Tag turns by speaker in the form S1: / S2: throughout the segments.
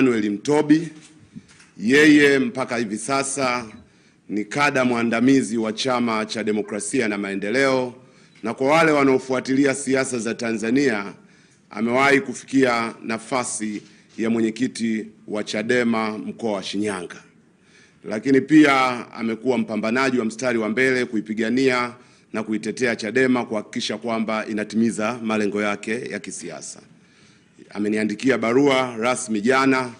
S1: Emmanuel Mtobi, yeye mpaka hivi sasa ni kada mwandamizi wa Chama cha Demokrasia na Maendeleo, na kwa wale wanaofuatilia siasa za Tanzania amewahi kufikia nafasi ya mwenyekiti wa Chadema mkoa wa Shinyanga, lakini pia amekuwa mpambanaji wa mstari wa mbele kuipigania na kuitetea Chadema kuhakikisha kwamba inatimiza malengo yake ya kisiasa ameniandikia barua rasmi jana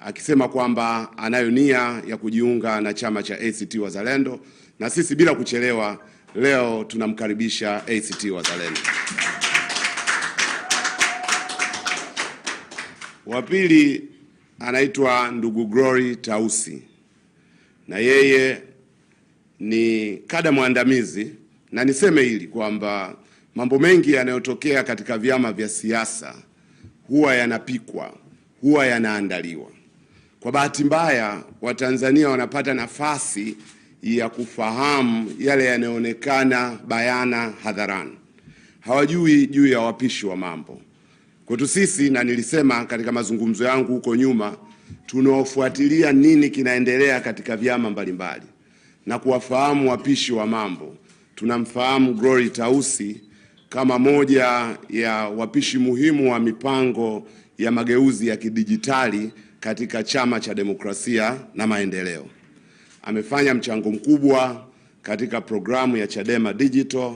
S1: akisema kwamba anayo nia ya kujiunga na chama cha ACT Wazalendo, na sisi bila kuchelewa leo tunamkaribisha ACT Wazalendo. Wa pili anaitwa ndugu Glory Tausi, na yeye ni kada mwandamizi, na niseme hili kwamba mambo mengi yanayotokea katika vyama vya siasa huwa yanapikwa, huwa yanaandaliwa. Kwa bahati mbaya, Watanzania wanapata nafasi ya kufahamu yale yanayoonekana bayana hadharani, hawajui juu ya wapishi wa mambo. Kwetu sisi, na nilisema katika mazungumzo yangu huko nyuma, tunaofuatilia nini kinaendelea katika vyama mbalimbali na kuwafahamu wapishi wa mambo, tunamfahamu Glory Tausi kama moja ya wapishi muhimu wa mipango ya mageuzi ya kidijitali katika Chama cha Demokrasia na Maendeleo. Amefanya mchango mkubwa katika programu ya Chadema Digital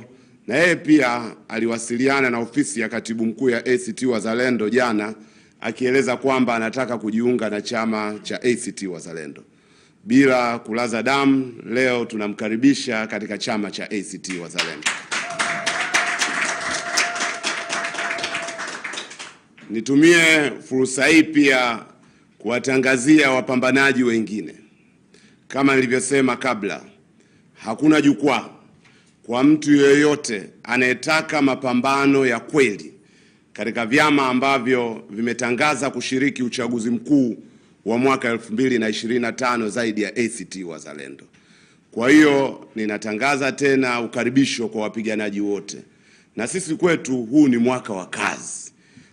S1: na yeye pia aliwasiliana na ofisi ya katibu mkuu ya ACT Wazalendo jana akieleza kwamba anataka kujiunga na chama cha ACT Wazalendo. Bila kulaza damu, leo tunamkaribisha katika chama cha ACT Wazalendo. Nitumie fursa hii pia kuwatangazia wapambanaji wengine. Kama nilivyosema kabla, hakuna jukwaa kwa mtu yeyote anayetaka mapambano ya kweli katika vyama ambavyo vimetangaza kushiriki uchaguzi mkuu wa mwaka 2025 zaidi ya ACT Wazalendo. Kwa hiyo ninatangaza tena ukaribisho kwa wapiganaji wote, na sisi kwetu huu ni mwaka wa kazi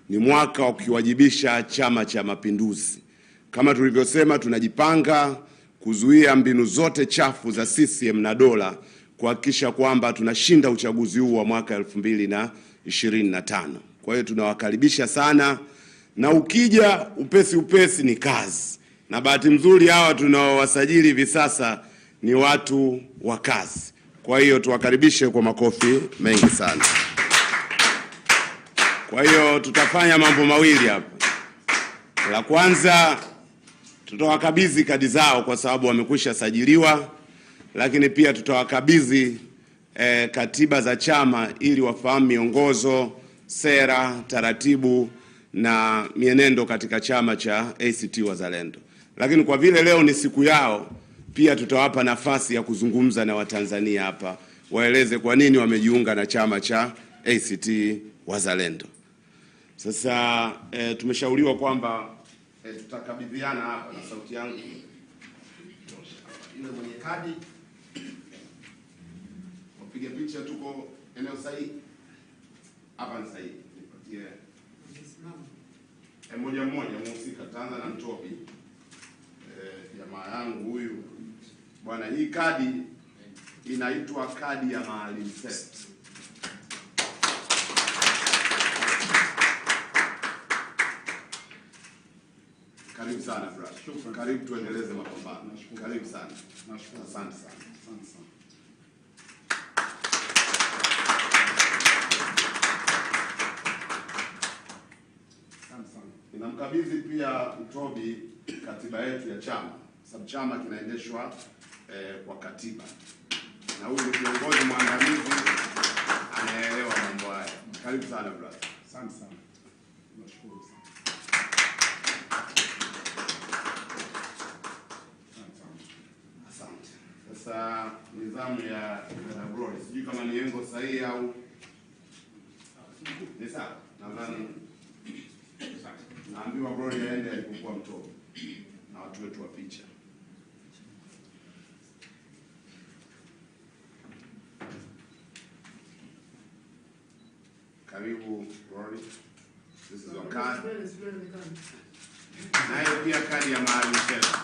S1: ni mwaka wa kukiwajibisha Chama cha Mapinduzi. Kama tulivyosema, tunajipanga kuzuia mbinu zote chafu za CCM na dola kuhakikisha kwamba tunashinda uchaguzi huu wa mwaka 2025. Kwa hiyo tunawakaribisha sana, na ukija upesi upesi ni kazi, na bahati nzuri hawa tunaowasajili hivi sasa ni watu wa kazi. Kwa hiyo tuwakaribishe kwa makofi mengi sana. Kwa hiyo tutafanya mambo mawili hapa. La kwanza tutawakabidhi kadi zao kwa sababu wamekwisha sajiliwa, lakini pia tutawakabidhi eh, katiba za chama ili wafahamu miongozo, sera, taratibu na mienendo katika chama cha ACT Wazalendo. Lakini kwa vile leo ni siku yao, pia tutawapa nafasi ya kuzungumza na Watanzania hapa, waeleze kwa nini wamejiunga na chama cha ACT Wazalendo. Sasa e, tumeshauriwa kwamba e, tutakabidhiana hapa na sauti yangu ile mwenye kadi wapiga picha, tuko eneo sahihi hapa, ni sahihi. Nipatie e, moja mmoja mhusika, taanza na Mtobi jamaa e, yangu huyu bwana. Hii kadi inaitwa kadi ya Maalim Seif Karibu sana brother, karibu tuendeleze mapambano. Karibu sana, asante sana. Ninamkabidhi pia mtobi katiba yetu ya chama, sababu chama kinaendeshwa eh, kwa katiba, na huyu kiongozi mwandamizi anaelewa mambo haya. Karibu sana brother, asante sana. zamu ya Dada Glory. Sijui kama ni yengo sahihi au ni sawa, nadhani naambiwa Glory aende alipokuwa mtoto na watu wetu wa picha Karibu Glory. This is your card. Nayo pia kadi ya mahali tena.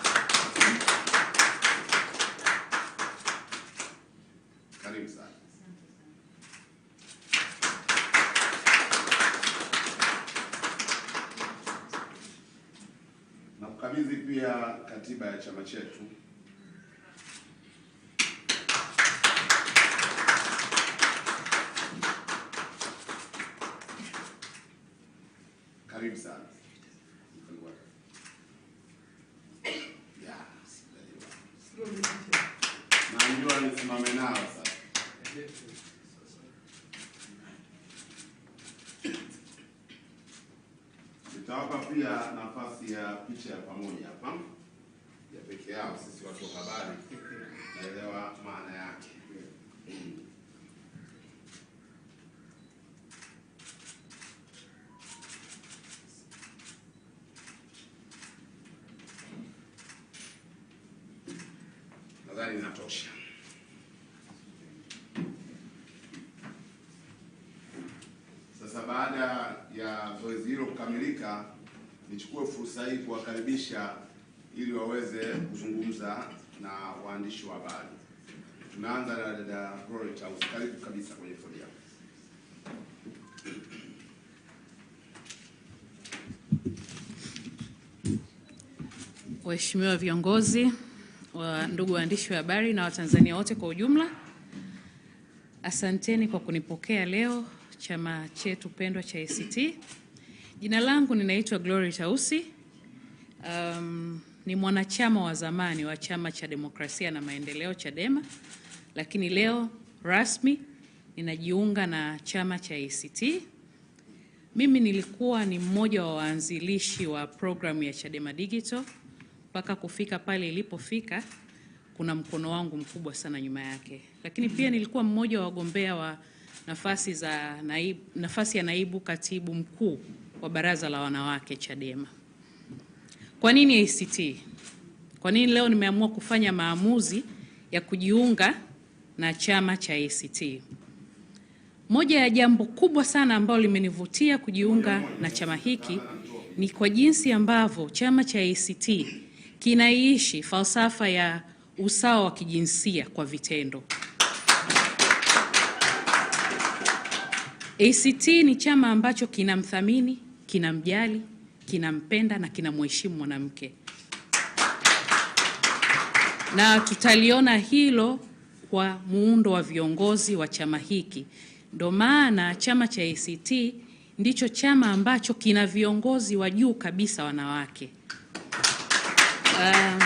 S1: katiba ya chama chetu Karibu sana najua nisimame nao sasa. Nitawapa pia nafasi ya picha ya pamoja hapa waandishi wa habari, naelewa maana yake. nadhani inatosha. Sasa baada ya zoezi hilo kukamilika, nichukue fursa hii kuwakaribisha ili waweze kuzungumza na waandishi wa habari. Tunaanza na dada Rolet Aus, karibu kabisa kwenye podia.
S2: Waheshimiwa viongozi wa ndugu waandishi wa habari na Watanzania wote kwa ujumla, asanteni kwa kunipokea leo chama chetu pendwa cha ACT. Jina langu ninaitwa Glory Tausi. Um, ni mwanachama wa zamani wa Chama cha Demokrasia na Maendeleo, Chadema, lakini leo rasmi ninajiunga na chama cha ACT. Mimi nilikuwa ni mmoja wa waanzilishi wa programu ya Chadema Digital mpaka kufika pale ilipofika, kuna mkono wangu mkubwa sana nyuma yake, lakini pia mm-hmm. nilikuwa mmoja wa wagombea wa nafasi za naibu, nafasi ya naibu katibu mkuu wa baraza la wanawake Chadema. Kwa nini ACT? Kwa nini leo nimeamua kufanya maamuzi ya kujiunga na chama cha ACT? Moja ya jambo kubwa sana ambalo limenivutia kujiunga na chama hiki ni kwa jinsi ambavyo chama cha ACT kinaiishi falsafa ya usawa wa kijinsia kwa vitendo. ACT ni chama ambacho kinamthamini, kinamjali kinampenda na kinamheshimu mwanamke, na tutaliona hilo kwa muundo wa viongozi wa chama hiki. Ndio maana chama cha ACT ndicho chama ambacho kina viongozi wa juu kabisa wanawake. Uh, ehm,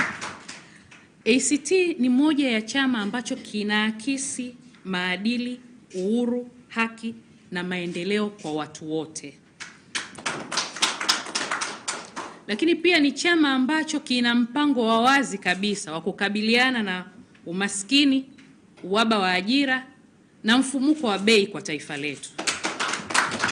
S2: ACT ni moja ya chama ambacho kinaakisi maadili, uhuru, haki na maendeleo kwa watu wote lakini pia ni chama ambacho kina mpango wa wazi kabisa wa kukabiliana na umaskini, uhaba wa ajira na mfumuko wa bei kwa taifa letu.